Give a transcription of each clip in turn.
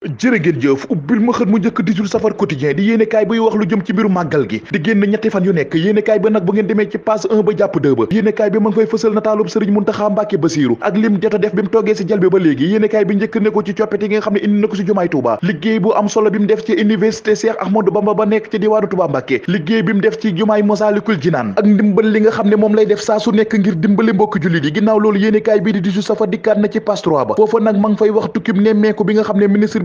jërëgéen jëf ubbil ma xët mu njëkk 18 safar quotidien di yéene kaay wax lu jëm ci mbiru màggal gi di génn ñetti fan yu nekk yéene kaay nag ma nga fay wax tukkim nemmeeku bi nga xam ne ministre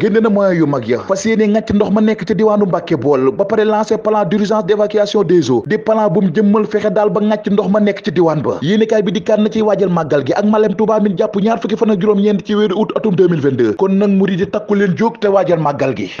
génne na moyens yu mag ya fas yéene ngàcc ndox ma nekk ca diwaanu Mbàkke bool ba pare lancé plan d'urgence d'évacuation des eaux di plan bu jëmmal fexe daal ba ngàcc ndox ma nekk ci diwaan ba yéenekaay bi di kat na ciy waajal màggal gi ak malem Touba min jàpp ñaar fukki fan ak juróom-ñeent ci weeru août atum kon nag murid yi takku leen jóg te waajal màggal gi